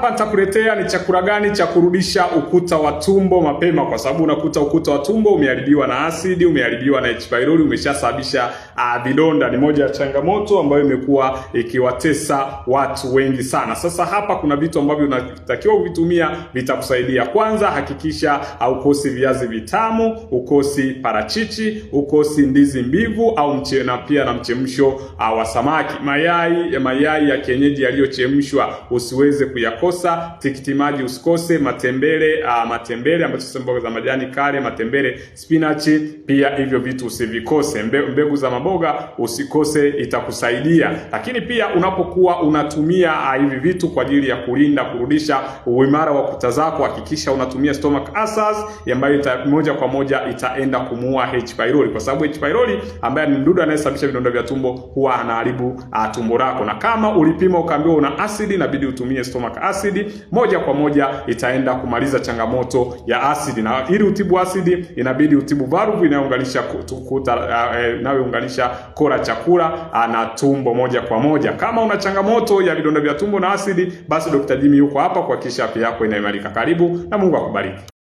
Hapa nitakuletea ni chakula gani cha kurudisha ukuta wa tumbo mapema, kwa sababu unakuta ukuta wa tumbo umeharibiwa na asidi, umeharibiwa na H pylori, umeshasababisha ah, vidonda. Ni moja ya changamoto ambayo imekuwa ikiwatesa watu wengi sana. Sasa hapa kuna vitu ambavyo unatakiwa kuvitumia vitakusaidia. Kwanza, hakikisha ukosi viazi vitamu, ukosi parachichi, ukosi ndizi mbivu au mche, na pia na mchemsho ah, wa samaki. Mayai, mayai ya kienyeji yaliyochemshwa usiweze kuyakosa kukosa. Tikiti maji usikose, matembele uh, matembele ambazo sasa mboga za majani kale, matembele, spinach pia, hivyo vitu usivikose. Mbe, mbegu za maboga usikose, itakusaidia. Lakini pia unapokuwa unatumia uh, hivi vitu kwa ajili ya kulinda kurudisha uimara wa kuta zako, hakikisha unatumia stomach acids ambayo moja kwa moja itaenda kumua H pylori, kwa sababu H pylori ambaye ni mdudu anayesababisha vidonda vya tumbo huwa anaharibu uh, tumbo lako, na kama ulipima ukaambiwa una asidi, inabidi utumie stomach acids asidi moja kwa moja itaenda kumaliza changamoto ya asidi, na ili utibu asidi inabidi utibu valvu inayounganisha kuta e, inayounganisha kora chakula na tumbo moja kwa moja. Kama una changamoto ya vidonda vya tumbo na asidi, basi Dr. Jimmy yuko hapa kuhakikisha afya yako inaimarika. Karibu na Mungu akubariki.